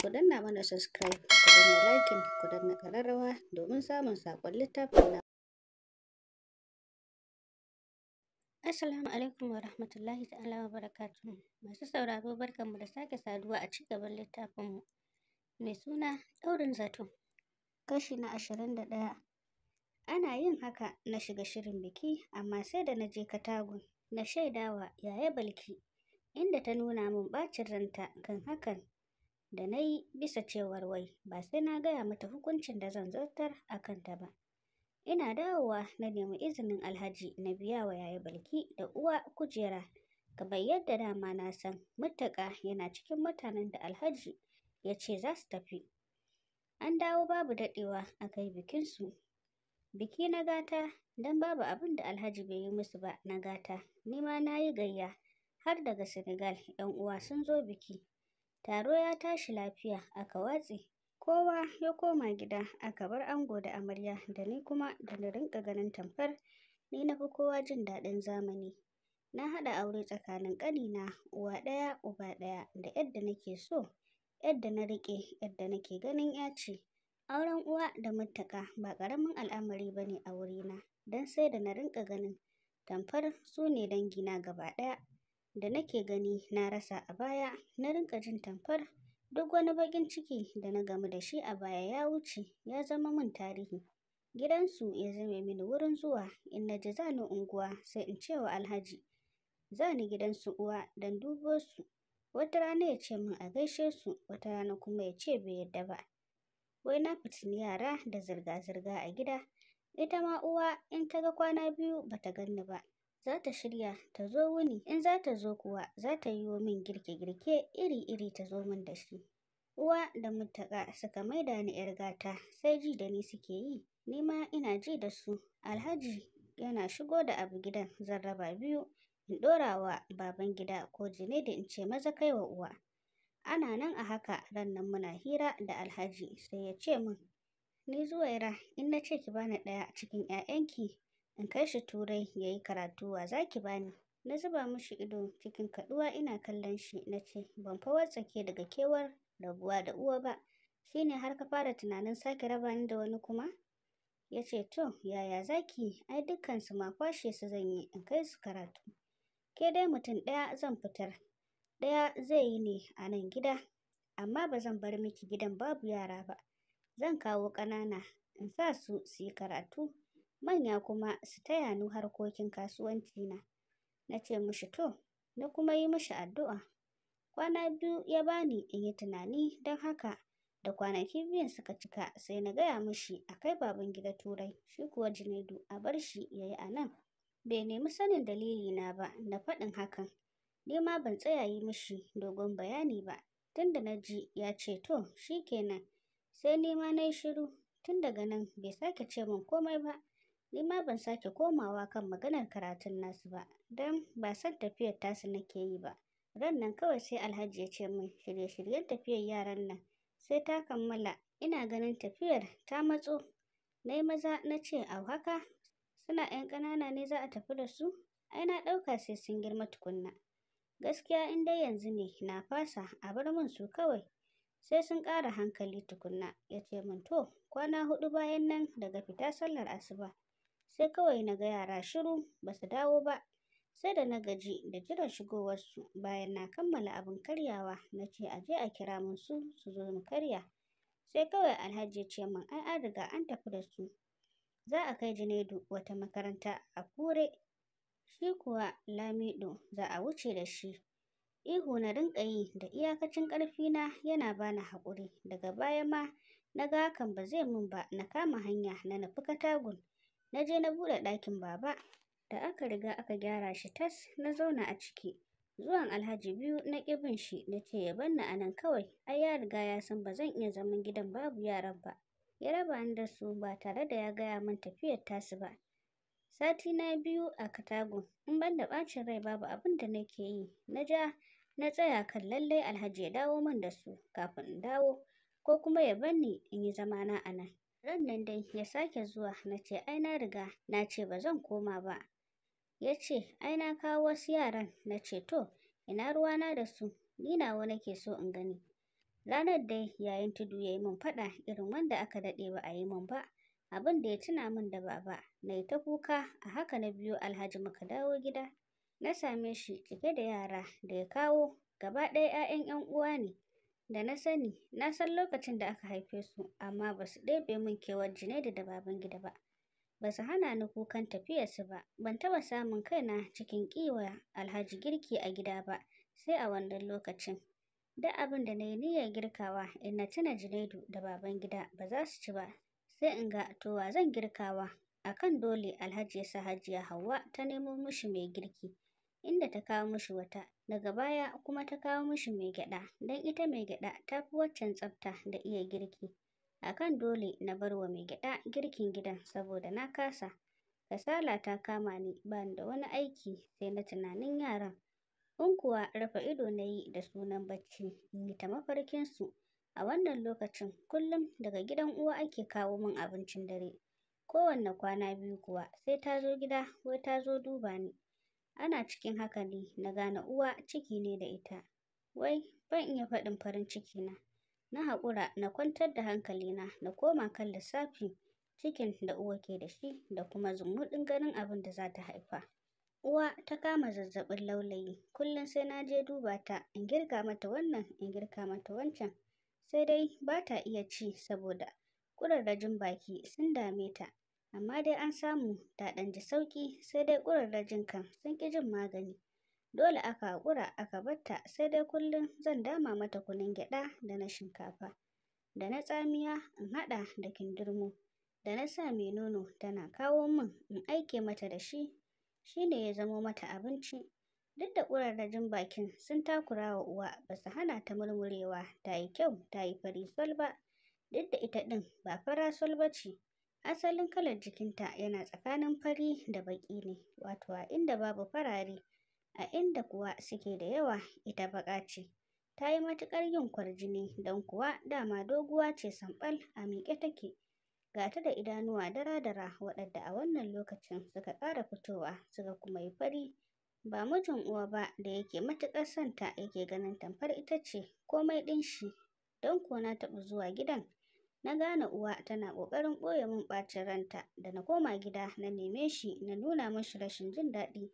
ku danna mana subscribe ku danna liking ku danna kararrawa domin samun sakon littafin na Assalamu alaikum wa rahmatullahi ta'ala wa barakatuhu masu sauraro barkanmu da sake saduwa a ci gaban littafin mu mai suna daurin zato kashi na ashirin da ɗaya ana yin haka na shiga shirin biki amma sai da na je katagun na shaidawa yaya balki inda ta nuna min ɓacin ranta kan hakan da na yi bisa cewar wai ba sai na gaya mata hukuncin da zan zartar a kanta ba. Ina dawowa na nemi izinin alhaji na biya wa yaya balki da uwa kujera Ka bayyar da dama na san mutaka yana cikin mutanen da alhaji ya ce za su tafi. An dawo babu daɗewa a kai bikinsu. Biki na gata don babu abin da alhaji bai yi musu ba na gata, nima na yi gayya har daga Senegal 'yan uwa sun zo biki. Taro ya tashi lafiya aka watse, kowa ya koma gida aka bar ango da amarya da ni kuma da na rinƙa ganin tamfar ni na fi kowa jin daɗin zamani. Na haɗa aure tsakanin ƙanina uwa ɗaya uba ɗaya da yadda nake so, yadda na riƙe, yadda nake ganin ya Auren uwa da mutaka ba ƙaramin al'amari ba ne a wurina don sai da na rinƙa ganin tamfar su ne dangina gaba ɗaya. da nake gani na rasa a baya na rinka jin tamfar, duk wani baƙin ciki da na gamu da shi a baya ya wuce ya zama min tarihi gidansu ya zame mini wurin zuwa in na ji zani unguwa sai in ce wa alhaji zani gidansu uwa don dubo su wata rana ya ce min a gaishe su wata rana kuma ya ce bai yadda ba wai na fitini yara da zirga-zirga a gida ita ma uwa in ta ga kwana biyu ba bata ganni ba za ta shirya ta zo wuni in za ta zo kuwa za ta yi min girke-girke iri-iri ta zo min da shi uwa da mutaka suka maida ni yar gata sai ji da ni suke yi ni ma ina ji da su alhaji yana shigo da abu gidan zan raba biyu in ɗora wa baban gida ko jine da in ce maza kai wa uwa ana nan a haka ran rannan muna hira da alhaji sai ya ce min ni zuwaira in na ce ki bani ɗaya cikin 'ya'yanki in kai shi turai ya yi karatu wa za ki bani na zuba mishi ido cikin kaduwa ina kallon shi na ce ban fawar tsake daga kewar rabuwa da uwa ba ne har ka fara tunanin sake raba ni da wani kuma ya ce to yaya za ki ai dukkansu ma kwashe su zan yi in kai su karatu ke dai mutum ɗaya zan fitar ɗaya zai yi ne a nan gida amma ba zan bar miki gidan babu yara ba zan kawo ƙanana in sa su su yi karatu manya kuma su taya ni harkokin kasuwanci na. Na ce mishi to, na kuma yi mishi addu'a. Kwana biyu ya bani in yi tunani don haka da kwanaki biyun suka cika sai na gaya mushi a kai baban gida turai shi kuwa Junaidu a bar shi ya yi a nan. Bai nemi sanin dalili na ba na faɗin hakan. Ni ma ban tsaya yi mishi dogon bayani ba tunda na ji ya ce to shi kenan sai ni ma na yi shiru tun daga nan bai sake ce min komai ba ni ma ban sake komawa kan maganar karatun nasu ba don ba san tafiyar tasu nake yi ba ran nan kawai sai alhaji ya ce min shirye-shiryen tafiyar yaran nan sai ta kammala ina ganin tafiyar ta matso na yi maza na ce au haka suna 'yan ƙanana ne za a tafi da su ai na ɗauka sai sun girma tukunna gaskiya in dai yanzu ne na fasa a bar min su kawai sai sun ƙara hankali tukunna ya ce min to kwana hudu bayan nan daga fita sallar asuba sai kawai na ga yara shiru ba su dawo ba sai da na gaji da jiran shigowarsu bayan na kammala abin karyawa na ce a je a kira mun su su zo mu karya sai kawai alhaji ya ce min ai an riga an tafi da su za a kai junaidu wata makaranta a kure shi kuwa lamido za a wuce da shi ihu na rinka yi da iyakacin ƙarfina yana bani haƙuri daga baya ma na ga hakan ba zai min ba na kama hanya na nufi katagun na je na bude ɗakin baba da aka riga aka gyara shi tas na zauna a ciki zuwan alhaji biyu na ƙibin shi na ce ya banna a nan kawai ai ya riga ya san ba zan iya zaman gidan babu yaran ba ya raba ni da su ba tare da ya gaya min tafiyar tasu ba sati na biyu a katago in ban da ɓacin rai babu abin da nake yi na ja na tsaya kan lallai alhaji ya dawo min da su kafin in dawo ko kuma ya banni in yi zamana a nan Ran nan dai ya sake zuwa na ce ai na riga na ce ba zan koma ba. Ya ce ai na kawo wasu yaran na ce to ina ruwana da su ni nawa nake so in gani. Ranar dai yayin tudu ya yi min faɗa irin wanda aka daɗe ba a yi min ba. Abin da ya tuna min da baba na yi ta kuka a haka na biyo alhaji muka dawo gida. Na same shi cike da yara da ya kawo gaba ɗaya 'ya'yan 'yan uwa ne. da na sani na san lokacin da aka haife su amma ba su ɗebe min kewar Junaidu da Babangida ba ba su hana ni kukan tafiyarsu ba ban taɓa samun kaina cikin ƙiwa Alhaji girki a gida ba sai a wannan lokacin da abin da na yi niyyar girkawa in na tuna Junaidu da gida ba za su ci ba sai in ga towa zan girkawa akan dole Alhaji ya sa Hajiya Hauwa ta nemo mishi mai girki inda ta kawo mishi wata daga baya kuma ta kawo mishi mai gyaɗa don ita mai gyaɗa ta fi waccan tsafta da iya girki akan dole na bar wa mai gyaɗa girkin gidan saboda na kasa kasala ta kama ni bani da wani aiki sai na tunanin yaran in kuwa rufe ido na yi da sunan bacci in yi ta mafarkinsu a wannan lokacin kullum daga gidan uwa ake kawo min abincin dare kowanne kwana biyu kuwa sai ta zo gida wai ta zo duba ni Ana cikin haka ne na gane uwa ciki ne da ita. Wai ban iya faɗin farin ciki Na Na haƙura na kwantar da hankalina na koma kan lissafi cikin da uwa ke da shi da kuma zumuɗin ganin abin da za ta haifa. Uwa ta kama zazzaɓin laulayi, kullum sai na je duba ta in girka mata wannan in girka mata wancan, sai dai ba ta iya ci saboda ƙurarrajin baki sun dame ta. amma dai an samu ta ɗan ji sauƙi sai dai ƙurarrajin kan sun ƙi jin magani dole aka haƙura aka batta sai dai kullum zan dama mata kunun gyaɗa da na shinkafa da na tsamiya in haɗa da kindirmo da na sa mai nono tana kawo min in aike mata da shi shi ne ya zamo mata abinci duk da ƙurarrajin bakin sun takura wa uwa ba su hana ta murmurewa ta yi kyau ta yi fari sol ba duk da ita ɗin ba fara sol ba ce asalin kalar jikinta yana tsakanin fari da baƙi ne wato a inda babu farare a inda kuwa suke da yawa ita baƙa ce ta yi matuƙar yin kwarjini don kuwa dama doguwa ce samɓal a miƙe take ga ta da idanuwa dara-dara waɗanda a wannan lokacin suka ƙara fitowa suka kuma yi fari ba mijin uwa ba da yake matuƙar santa yake ganin tamfar ita ce komai ɗin shi don kuwa na taɓa zuwa gidan na gane uwa tana ƙoƙarin ɓoye min ɓacin ranta da na koma gida na neme shi na nuna mashi rashin jin daɗi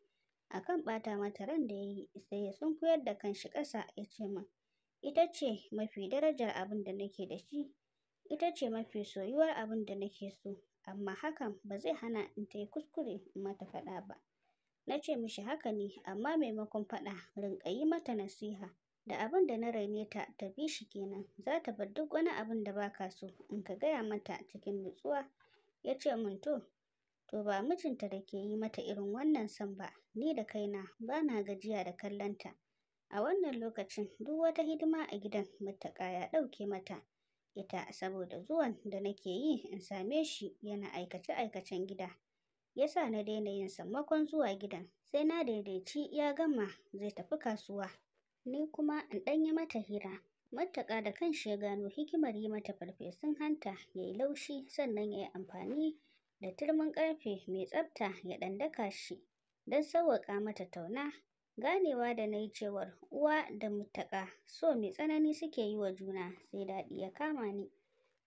akan ɓata mata ran da ya yi sai ya sunkuyar da kanshi ƙasa ya ce min ita ce mafi darajar abin da nake da shi ita ce mafi soyuwar abin da nake so amma hakan ba zai hana in ta yi kuskure in mata faɗa ba na ce mishi haka ne amma maimakon faɗa rinƙa yi mata nasiha da abin da na raine ta ta bi shi kenan za ta bar duk wani abun da baka so in ka gaya mata cikin nutsuwa ya ce min to to ba mijinta da ke yi mata irin wannan son ba ni da kaina ba na gajiya da kallonta a wannan lokacin duk wata hidima a gidan mutaka ya ɗauke mata ita saboda zuwan da nake yi in same shi yana aikace-aikacen gida yasa na daina yin sammakon zuwa gidan sai na daidaici ya gama zai tafi kasuwa ni kuma in ɗan yi mata hira. matuƙa da kan shi ya gano hikimar yi mata farfesun hanta ya yi laushi sannan ya yi amfani da turmin ƙarfe mai tsafta ya ɗan shi don sauwaƙa mata tauna. Ganewa da na yi cewar uwa da mutaƙa so mai tsanani suke yi wa juna sai daɗi ya kama ni.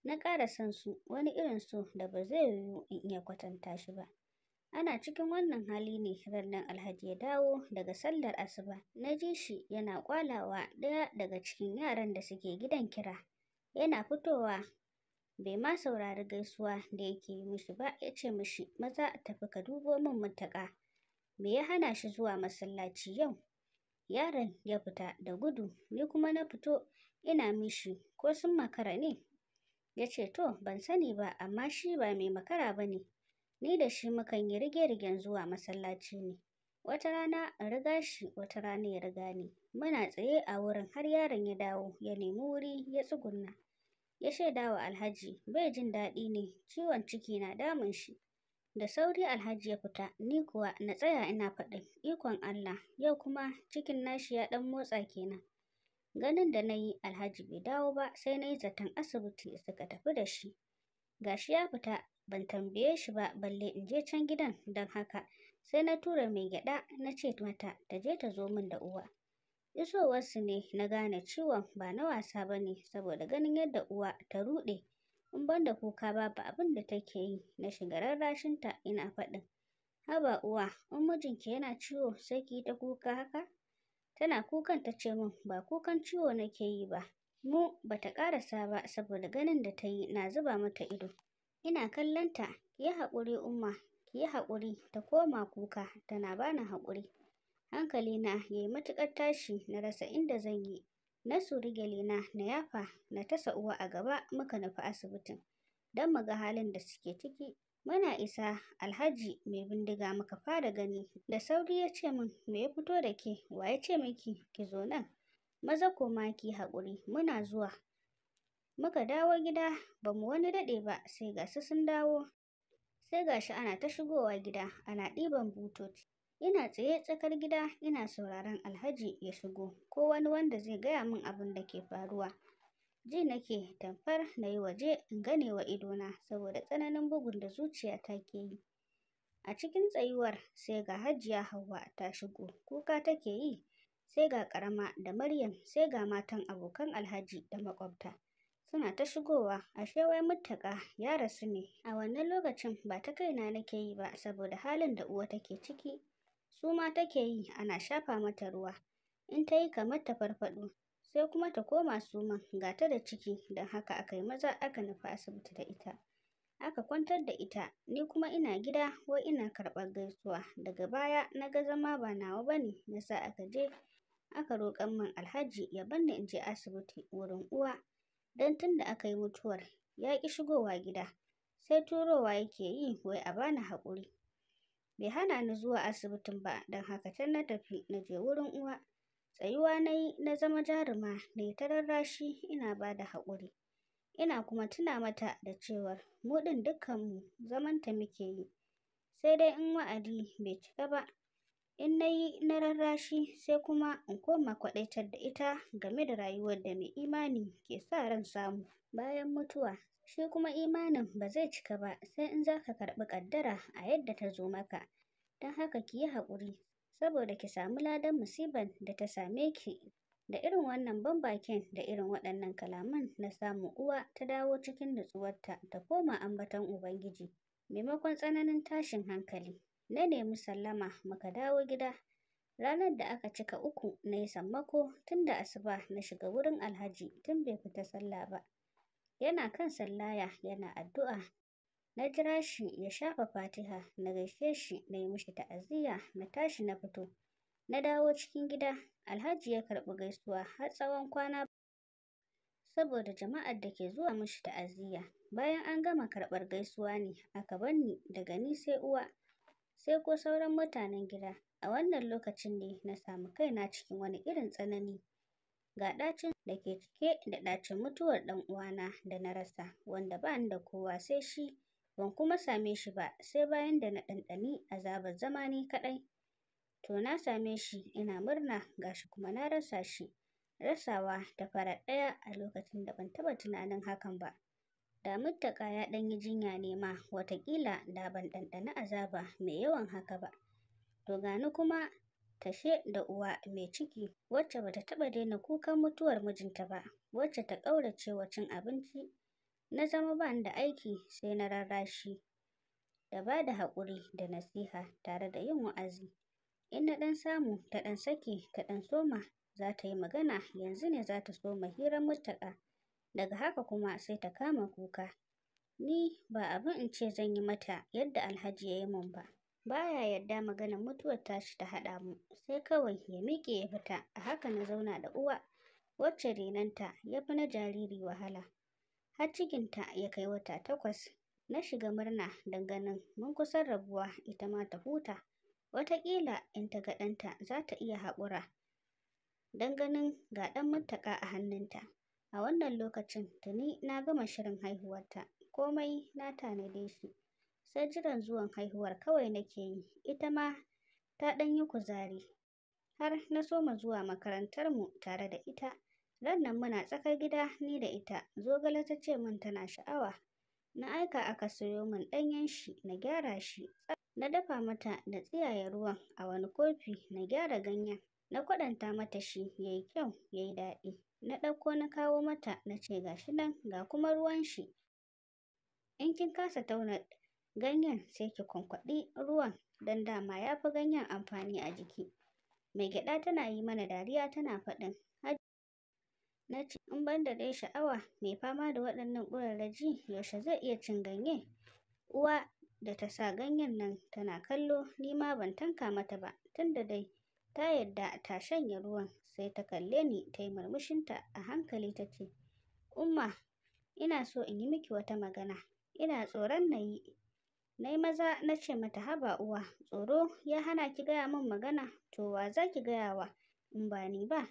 Na ƙara son su wani irin su da ba zai yiwu in iya kwatanta shi ba. Ana cikin wannan hali ne rannan Alhaji ya dawo daga sallar asuba. Na ji shi yana kwalawa ɗaya daga cikin yaran da suke gidan kira. Yana fitowa bai ma saurari gaisuwa da yake yi mishi ba ya ce mishi maza tafi ka dubo min mutaka. Me ya hana shi zuwa masallaci yau? Yaron ya fita da gudu ni kuma na fito ina mishi ko sun makara ne? Ya ce to ban sani ba amma shi ba mai makara ba ne. ni da shi mukan yi rige-rigen zuwa masallaci ne wata rana in riga shi wata rana ya riga ni muna tsaye a wurin har yaron ya dawo ya nemi wuri ya tsugunna ya shaida wa alhaji bai jin daɗi ne ciwon ciki na damun shi da sauri alhaji ya fita ni kuwa na tsaya ina faɗi, ikon allah yau kuma cikin nashi ya ɗan motsa kenan ganin da na yi alhaji bai dawo ba sai na yi zaton asibiti suka tafi da shi Ga shi ya fita ban tambaye shi ba balle in je can gidan don haka sai na tura mai gyada na ce mata ta je ta zo min da uwa isowarsu ne na gane ciwon ba na wasa ba ne saboda ganin yadda uwa ta ruɗe in ban da kuka babu abin da take yi na shiga rarrashinta ina faɗin haba uwa in mijinki yana ciwo sai ki yi ta kuka haka tana kukan ta ce min ba kukan ciwo nake yi ba mu bata karasa ba saboda ganin da ta yi na zuba mata ido ina kallonta ki yi haƙuri umma ki yi haƙuri ta koma kuka tana bani haƙuri hankali na yayi matuƙar tashi na rasa inda zan yi na suri na na yafa na tasa uwa a gaba muka nufi asibitin don mu ga halin da suke ciki muna isa alhaji mai bindiga muka fara gani da sauri ya ce min me ya fito da ke wa ya ce miki ki zo nan maza koma ki haƙuri muna zuwa muka dawo gida bamu wani daɗe ba sai ga su sun dawo sai gashi ana ta shigowa gida ana ɗiban butoci ina tsaye tsakar gida ina sauraron alhaji ya shigo ko wani wanda zai gaya min abin da ke faruwa ji nake tamfar na yi waje in gane wa idona saboda tsananin bugun da zuciya ta ke yi a cikin tsayuwar sai ga hajiya Hauwa ta shigo kuka take yi sai ga ƙarama da Maryam sai ga matan abokan Alhaji da makwabta. Suna ta shigowa, ashe wai muttaka ya rasu ne. A wannan lokacin ba ta kaina nake yi ba saboda halin da uwa take ciki. Su ma take yi ana shafa mata ruwa. In ta yi kamar ta farfaɗo, sai kuma ta koma suma ga ta da ciki don haka aka yi maza aka nufi asibiti da ita. Aka kwantar da ita, ni kuma ina gida wai ina karɓar gaisuwa. Daga baya na ga zama ba nawa ba ne, na sa aka je aka roƙan min alhaji ya banni in je asibiti wurin uwa don tun da aka yi mutuwar ya ƙi shigowa gida sai turowa yake yi wai a bani haƙuri bai hana ni zuwa asibitin ba don haka can na tafi na je wurin uwa tsayuwa na yi na zama jaruma na yi ta rarrashi ina bada haƙuri ina kuma tuna mata da cewar mu ɗin dukkanmu zamanta muke yi sai dai in wa'adi bai cika ba in na yi na rarrashi sai kuma in koma kwaɗaitar da ita game da rayuwar da mai imani ke sa ran samu bayan mutuwa shi kuma imanin ba zai cika ba sai in za ka karɓi ƙaddara a yadda ta zo maka don haka ki yi haƙuri saboda ki samu ladan musiban da ta same ki da irin wannan ban bakin da irin waɗannan kalaman na samu uwa ta dawo cikin nutsuwarta ta koma ambaton ubangiji maimakon tsananin tashin hankali na nemi sallama muka dawo gida ranar da aka cika uku na yi sammako tun da asuba na shiga wurin alhaji tun bai fita sallah ba yana kan sallaya yana addu'a na jira shi ya shafa fatiha na gaishe shi na yi mishi ta'aziyya na tashi na fito na dawo cikin gida alhaji ya karɓi gaisuwa har tsawon kwana saboda jama'ar da ke zuwa mishi ta'aziyya bayan an gama karɓar gaisuwa ne aka banni daga ni sai uwa sai ko sauran mutanen gida a wannan lokacin ne na samu kaina cikin wani irin tsanani ga ɗacin da ke cike da ɗacin mutuwar ɗan uwana da na rasa wanda ba ni da kowa sai shi ban kuma same shi ba sai bayan da na ɗanɗani azabar zama ni kaɗai to na same shi ina murna ga shi kuma na rasa shi rasawa ta farat ɗaya a lokacin da ban taɓa tunanin hakan ba da muttaka ya ɗan yi jinya ne ma watakila da ban ɗanɗani azaba mai yawan haka ba to gani kuma tashe da uwa mai ciki wacce bata taɓa daina kukan mutuwar mijinta ba wacce ta ƙaurace wa cin abinci na zama bani da aiki sai na rarrashi da ba da haƙuri da nasiha tare da yin wa'azi in na ɗan samu ta ɗan sake ta ɗan soma za ta yi magana yanzu ne za ta soma hirar muttaka daga haka kuma sai ta kama kuka ni ba abin in ce zan yi mata yadda alhaji ya yi min ba baya yarda maganar mutuwar tashi ta haɗa mu sai kawai ya miƙe ya fita a haka na zauna da uwa wacce renanta ya fi na jariri wahala har cikinta ya kai wata takwas na shiga murna ganin mun kusan rabuwa ita ma ta huta wataƙila in ta ga ɗanta za ta iya haƙura ganin ga ɗan mutaka a hannunta A wannan lokacin tuni na gama shirin haihuwarta, komai na tanade shi, sai jiran zuwan haihuwar kawai nake yi, ita ma ta ɗan yi kuzari. Har na soma zuwa makarantarmu tare da ita, ran nan muna tsakar gida ni da ita, zogale ta ce min tana sha'awa. Na aika aka sayo min ɗanyen shi na gyara shi, na dafa mata da tsiyaye ruwan a wani kofi na gyara ganyen, na kwaɗanta mata shi ya yi kyau ya yi daɗi. na ɗauko na kawo mata na ce ga shi nan ga kuma ruwan shi in kin kasa tauna ganyen sai ki kwankwaɗi ruwan don dama ya fi ganyen amfani a jiki mai gyaɗa tana yi mana dariya tana faɗin na ce in ban da dai sha'awa mai fama da waɗannan ƙurarraji yaushe zai iya cin ganye uwa da ta sa ganyen nan tana kallo ni ma ban tanka mata ba tunda dai ta yadda ta shanye ruwan sai ta kalle ni ta yi murmushinta a hankali ta ce umma ina so in yi miki wata magana ina tsoron na yi na yi maza na ce mata haba uwa tsoro ya hana ki gaya min magana to wa za ki gaya wa in ba ni ba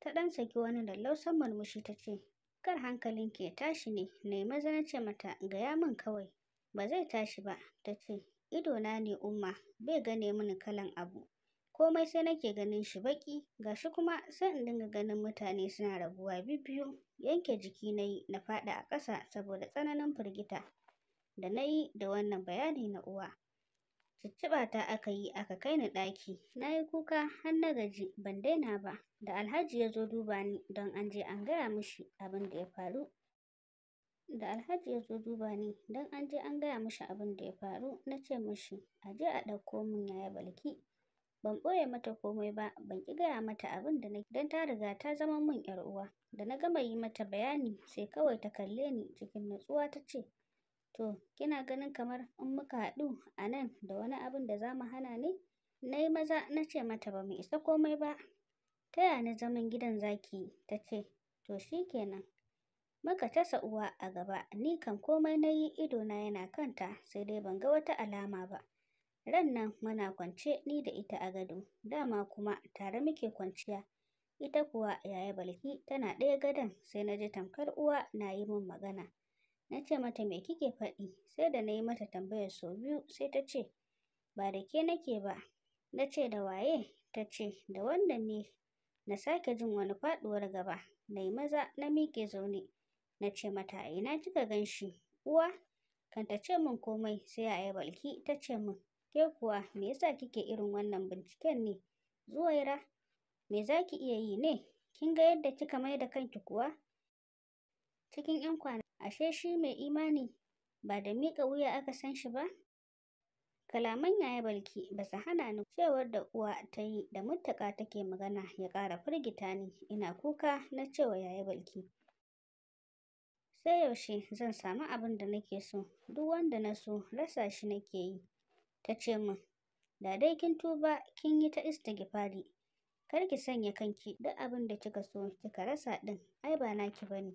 ta ɗan saki wani lallausan murmushi ta ce kar hankalin ke tashi ne na yi maza na ce mata gaya min kawai ba zai tashi ba ta ce idona ne umma bai gane mini kalan abu komai sai nake ganin shi baƙi gashi kuma sai in dinga ganin mutane suna rabuwa bibbiyu yanke jiki na yi na faɗi a ƙasa saboda tsananin firgita da na yi da wannan bayani na uwa cicciɓa ta aka yi aka kai ni ɗaki na yi kuka har na gaji ban daina ba da alhaji ya zo duba ni don an je an gaya mishi abin da ya faru da alhaji ya zo duba ni don an je an gaya mishi abin da ya faru na ce mishi a je a ɗauko min yaya balki ban ɓoye mata komai ba ban ƙi gaya mata abin da nake don ta riga ta zama min ƴar uwa da na gama yi mata bayani sai kawai ta kalle ni cikin natsuwa ta ce to kina ganin kamar in muka haɗu a nan da wani abin da za mu hana ne na yi maza na ce mata ba mu isa komai ba ta ya na zaman gidan zaki ta ce to shi kenan muka tasa uwa a gaba ni kan komai na yi idona yana kanta sai dai ban ga wata alama ba Ran nan muna kwance ni da ita a gado, dama kuma tare muke kwanciya. Ita kuwa yaya Balki tana ɗaya gadon sai na ji tamkar uwa na yi min magana. nace mata me kike faɗi? Sai da nayi mata tambayar sau biyu sai ta ce ba da ke nake ba. nace da waye? Ta ce da wannan ne. Na sake jin wani faɗuwar gaba. Na maza na miƙe zaune. nace mata a ina kika ganshi? Uwa? Kan ta ce min komai sai yaya Balki ta ce min Ke kuwa me yasa kike irin wannan binciken ne? Zuwaira, me zaki iya yi ne? Kin ga yadda kika mai da kanki kuwa? Cikin ‘yan kwana, ashe shi mai imani ba da miƙa wuya aka san shi ba? Kalaman yaya balki ba su hana ni cewar da uwa ta yi da muttaka take magana ya ƙara firgita ni ina kuka na cewa yaya balki. Sai yaushe zan samu abin da nake so, duk wanda na so rasa shi nake yi. ta ce min da dai kin tuba kin yi ta istighfari kar ki sanya kanki duk abin da kika so kika rasa din ai ba naki bane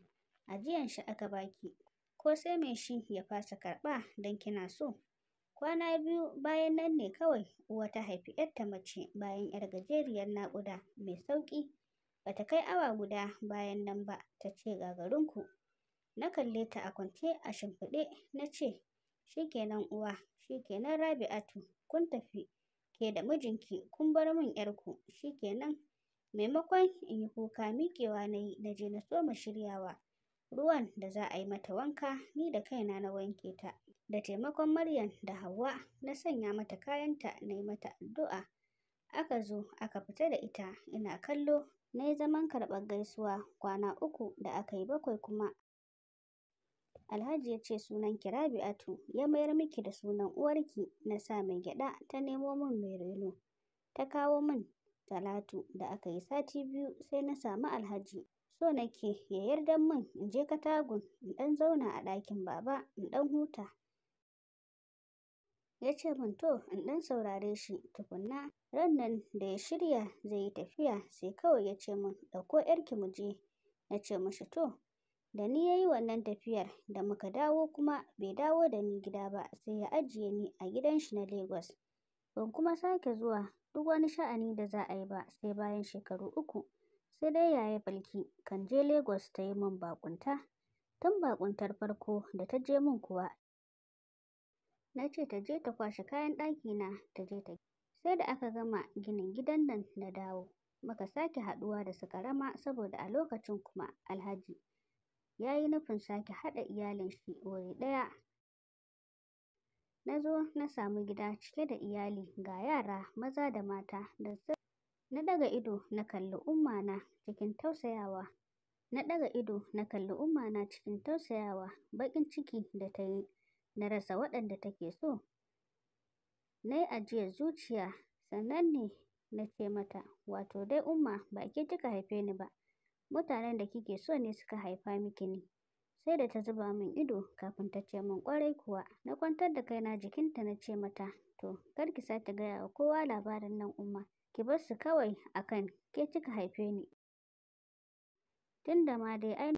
ajiyan shi aka baki ko sai mai shi ya fasa karba dan kina so kwana biyu bayan nan ne kawai uwa ta haifi ta mace bayan yar gajeriyar naƙuda mai sauƙi bata kai awa guda bayan nan ba ta ce gagarinku na kalle ta a kwance a shimfiɗe na ce Shi kenan uwa, shi kenan Rabi'atu, kun tafi, ke da mijinki kun bar min 'yarku, shi kenan. Maimakon in yi kuka miƙewa na yi na je na soma shiryawa. Ruwan da za a yi mata wanka ni da kaina na wanke ta. Da taimakon Maryam da Hauwa na sanya mata kayanta na yi mata addu'a. Aka zo aka fita da ita ina kallo na yi zaman karɓar gaisuwa kwana uku da aka yi bakwai kuma Alhaji ya ce sunan ki Rabi'atu ya mayar miki da sunan uwarki na sa mai gyada ta nemo min mai reno. Ta kawo min Talatu da aka yi sati biyu sai na samu Alhaji. So nake ya yarda min in je Katagun in ɗan zauna a ɗakin baba in ɗan huta. Ya ce min to in ɗan saurare shi tukunna ran nan da ya shirya zai yi tafiya sai kawai ya ce min ɗauko ‘yarki mu je. Na ce mashi to da ni ya yi wannan tafiyar da muka dawo kuma bai dawo da ni gida ba sai ya ajiye ni a gidan shi na Lagos. Ban kuma sake zuwa duk wani sha'ani da za a yi ba sai bayan shekaru uku. Sai dai yaya Balki kan je Lagos ta yi min bakunta. Tun baƙuntar farko da ta je min kuwa na ce ta je ta kwashe kayan ɗakina ta je ta sai da aka gama ginin gidan nan na dawo. Muka sake haɗuwa da su ƙarama saboda a lokacin kuma Alhaji ya yi nufin sake haɗa iyalin shi wuri ɗaya. Na zo na samu gida cike da iyali ga yara maza da mata da Na ɗaga ido na kalli ummana cikin tausayawa. Na ɗaga ido na kalli ummana cikin tausayawa baƙin ciki da ta yi na rasa waɗanda take so. Na yi ajiyar zuciya sannan ne na ce mata wato dai umma ba ke kika haife ni ba mutanen da kike so ne suka haifa miki ne. Sai da ta zuba min ido kafin ta ce min kwarai kuwa, na kwantar da kaina jikinta na ce mata, to, kar ki sake gaya wa kowa labarin nan umma, ki bar su kawai akan ke kika haife ni. Tunda ma dai ai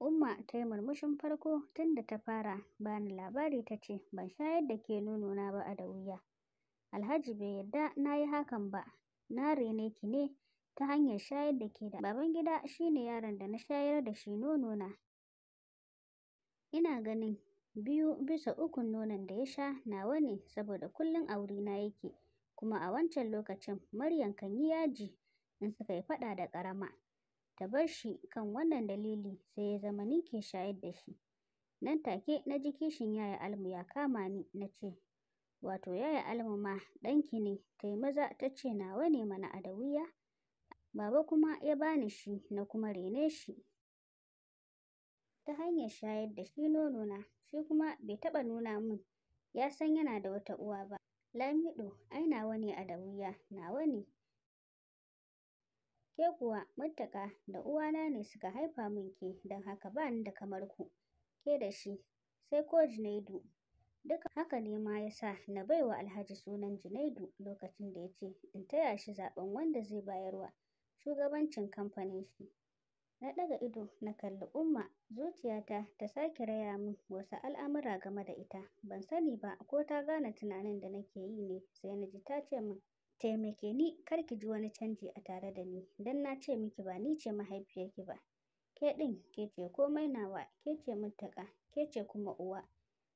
Umma ta yi murmushin farko tun da ta fara bani labari ta ce ban shayar da ke na ba a da wuya. Alhaji bai yadda na yi hakan ba, na rene ki ne ta hanyar shayar da ke da baban shi ne yaron da na shayar da shi nono na. Ina ganin biyu bisa ukun nonon da ya sha nawa ne saboda kullum a wuri na yake, kuma a wancan lokacin Maryam kan yi yaji in suka yi faɗa da karama Ta bar shi kan wannan dalili sai ya zama ni ke shayar da shi. Nan take na ji kishin yaya Almu ya kama ni na ce, wato yaya Almu ma ɗanki ne, ta yi maza ta ce nawa ne mana a da wuya. Baba kuma ya bani shi na kuma rene shi. Ta hanyar shayar da shi nono na, shi kuma bai taɓa nuna min ya san yana da wata uwa ba. Lamido ai nawa ne a da wuya, nawa ne. Ke kuwa muttaka da uwana ne suka haifa min ke don haka ba ni da kamar ku. Ke da shi, sai ko Junaidu. duk haka ne ma ya sa na baiwa Alhaji sunan Junaidu lokacin da ya ce in taya shi zaɓen wanda zai bayarwa. shugabancin kamfanin shi. Na ɗaga ido na kalli Umma, zuciyata ta sake raya min wasu al'amura game da ita. Ban sani ba ko ta gane tunanin da nake yi ne, sai na ji ta ce min, taimake ni kar ki ji wani canji a tare da ni, don na ce miki ba ni ce mahaifiyarki ba. Ke ɗin, ke ce komai nawa, ke ce mutaka, ke ce kuma uwa.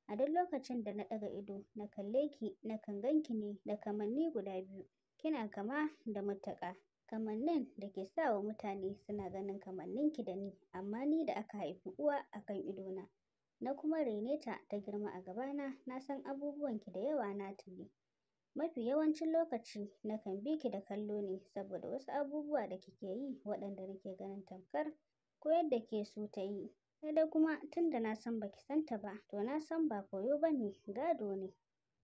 A duk lokacin da na ɗaga ido, na kalle ki, na kan ganki ne da kamanni guda biyu. Kina kama da mutaka kamannin da ke sa wa mutane suna ganin kamanninki da ni amma ni da aka haifi uwa a kan idona na kuma Reneta ta girma a gabana na san abubuwanki da yawa na tuni mafi yawancin lokaci na kan bi ki da kallo ne saboda wasu abubuwa da kike yi waɗanda nake ganin tamkar ko yadda ke so ta yi sai dai kuma tunda na san baki ta ba to na san ba koyo ba ne. gado ne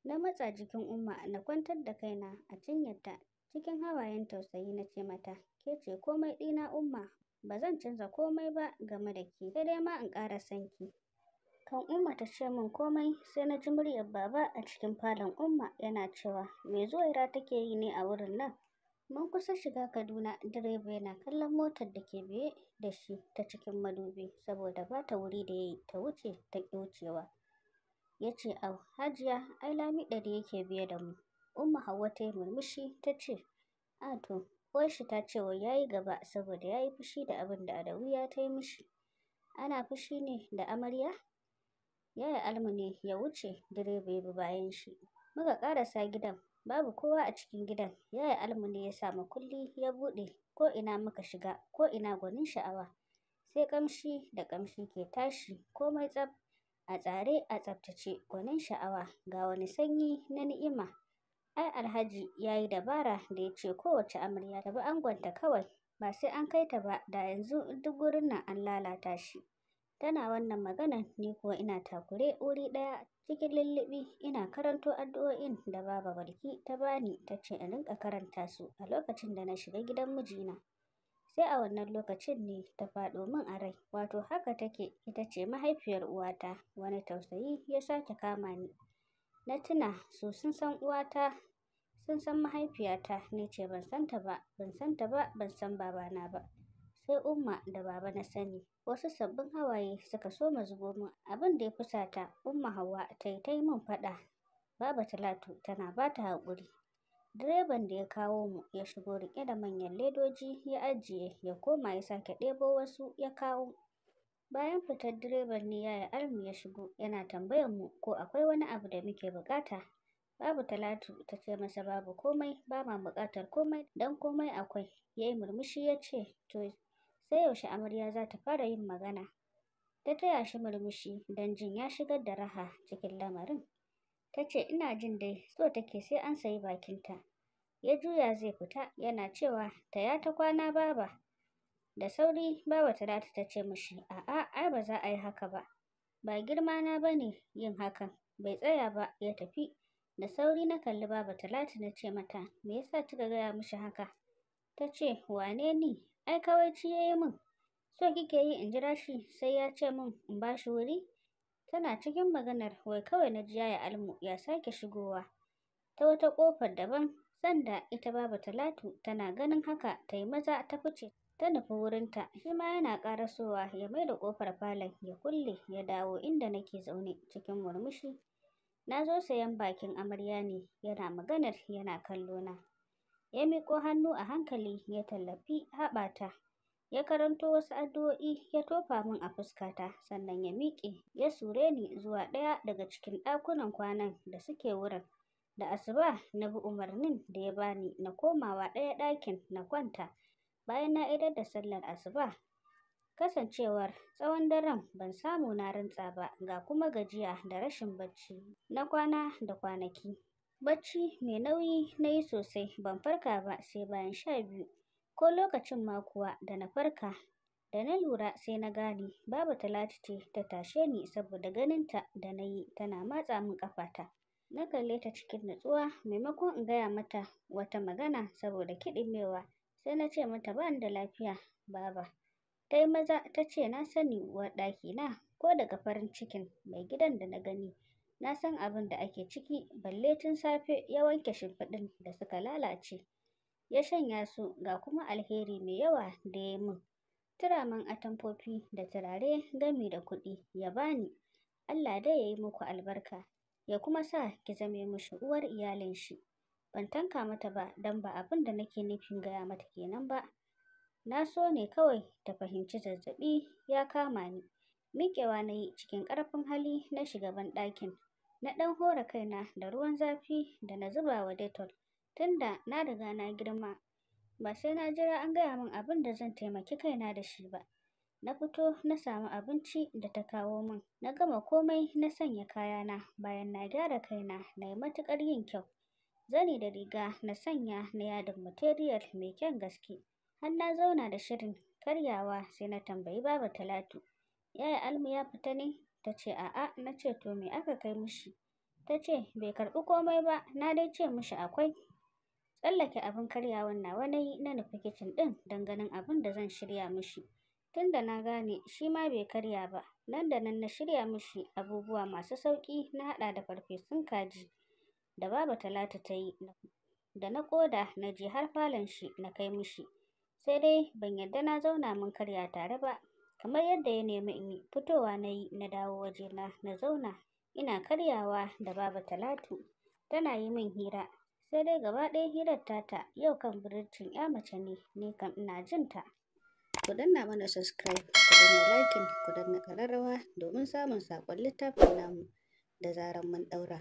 na matsa jikin umma na kwantar da kaina a cinyarta Cikin hawayen tausayi na ce mata, ke ce komai ɗina umma, ba zan canza komai ba game da ke, sai dai ma in ƙara sanki. Kan umma ta ce min komai sai na ji muryar baba a cikin falon umma yana cewa me zuwaira take yi ne a wurin nan. Mun kusa shiga Kaduna direba yana kallon motar da ke biye da shi ta cikin madubi saboda ba ta wuri da ya yi ta wuce ta ƙyocewa wucewa. Ya ce au hajiya ai lami ɗari yake biye da mu. Umma Hauwa ta yi murmushi ta ce, A to, shi ta ce wai ya yi gaba saboda ya yi fushi da abin da Adawiya ta yi mishi. Ana fushi ne da amarya? Yaya Almu ne ya wuce direba ya bi bayan shi. Muka ƙarasa gidan, babu kowa a cikin gidan. Yaya Almu ne ya samu kulli, ya buɗe ko ina muka shiga ko ina gwanin sha'awa. Sai ƙamshi da ƙamshi ke tashi komai tsaf a tsare a tsaftace gwanin sha'awa ga wani sanyi na ni'ima. ai alhaji ya yi dabara da ya ce kowace amarya ta bi angonta kawai ba sai an kai ta ba da yanzu duk gurin nan an lalata shi tana wannan maganar ni kuwa ina takure wuri ɗaya cikin lullubi ina karanto addu'o'in da baba Barki ta bani ta ce in rinka karanta su a lokacin da na shiga gidan mijina sai a wannan lokacin ne ta faɗo min a rai wato haka take ita ce mahaifiyar uwata wani tausayi ya sake kama ni Na tuna su sun san uwata, sun san mahaifiyata, ni ce ban san ta ba, ban san ta ba, ban san babana ba. Sai Umma da Baba na sani. Wasu sabbin hawaye suka so soma zubo min abin da ya fusata Umma Hauwa ta yi ta yi min faɗa. Baba Talatu tana ba ta haƙuri. Direban da ya kawo mu ya shigo riƙe da manyan ledoji ya ajiye ya koma ya sake ɗebo wasu ya kawo Bayan fitar direban ne Yaya almu ya shigo, yana tambayar mu ko akwai wani abu da muke buƙata. Babu Talatu ta ce masa babu komai, ba ma buƙatar komai don komai akwai. Ya yi murmushi ya ce, to sai yaushe amarya za ta fara yin magana. Ta taya shi murmushi don jin ya shigar da raha cikin lamarin. Ta ce ina jin dai so take sai an sayi bakinta. Ya juya zai fita yana cewa taya ta kwana baba. Da sauri Baba Talatu ta ce mishi, a'a ai ba za a yi haka ba, ba girma na ba ne yin hakan, bai tsaya ba ya tafi. Da sauri na kalli Baba Talatu na ce mata, me yasa kika gaya mishi haka? Ta ce, wane ni? Ai kawai ya yi min. So kike yi in jira shi sai ya ce min in ba shi wuri? Tana cikin maganar wai kawai na ji ya Almu ya sake shigowa. Ta wata kofar daban, sanda ita Baba Talatu tana ganin haka ta yi maza ta fice. ta nufi wurinta shi ma yana ƙarasowa ya mai da ƙofar falon ya kulle ya dawo inda nake zaune cikin murmushi na zo sayan bakin amarya ne yana maganar yana kallona ya miƙo hannu a hankali ya tallafi haɓata ya karanto wasu addu'o'i ya tofa min a fuskata sannan ya miƙe ya sure ni zuwa ɗaya daga cikin ɗakunan kwanan da suke wurin da asuba na bi umarnin da ya bani na komawa ɗaya ɗakin na kwanta bayan na idar da sallar asuba kasancewar tsawon daren ban samu na rintsa ba ga kuma gajiya da rashin bacci na kwana da kwanaki bacci mai nauyi na yi sosai ban farka ba sai bayan sha biyu ko lokacin ma kuwa da na farka da na lura sai na gane babu talatu ce ta tashe ni saboda ganinta da na yi tana matsa min ƙafata na kalle ta cikin natsuwa maimakon in gaya mata wata magana saboda kiɗimewa sai na ce mata ba da lafiya baba ta yi maza ta ce na sani uwar ɗaki na ko daga farin cikin mai gidan da na gani na san abin da ake ciki balle tun safe ya wanke shimfiɗin da suka lalace ya shanya su ga kuma alheri mai yawa da ya min turamin atamfofi da turare gami da kuɗi ya bani Allah dai ya yi muku albarka ya kuma sa ki zame mushi uwar iyalin shi Ban tanka mata ba don ba abin da nake nufin gaya mata kenan ba. Na so ne kawai ta fahimci zazzaɓi ya kama ni. Miƙewa na yi cikin ƙarfin hali na shiga banɗakin. Na ɗan hora kaina da ruwan zafi da na zuba wa Dettol tunda na riga na girma. Ba sai na jira an gaya min abin da zan taimaki kaina da shi ba. Na fito na samu abinci da ta kawo min. Na gama komai na sanya kayana bayan na gyara kaina na yi matuƙar yin kyau. zani da riga na sanya na yadin material mai kyan gaske har na zauna da shirin karyawa sai na tambayi baba talatu yaya almu ya fita ne ta ce a'a na ce to me aka kai mishi ta ce bai karɓi komai ba na dai ce mishi akwai tsallake abin karyawan nawa na yi na nufi kicin ɗin don ganin abin da zan shirya mishi tun da na gane shi ma bai karya ba nan da nan na shirya mishi abubuwa masu sauƙi na haɗa da farfesun kaji da baba Talatu ta yi da na ƙoda na je har falon shi na kai mishi sai dai ban yarda na zauna mun karya tare ba kamar yadda ya nemi in fitowa na yi na dawo wajena na zauna ina karyawa da baba Talatu tana yi min hira sai dai gaba ɗaya hirar tata yau kan birincin ya mace ne ni kam ina jin ta ku danna mana subscribe ku danna like ku danna ƙararrawa domin samun saƙon littafin namu da zarar mun ɗaura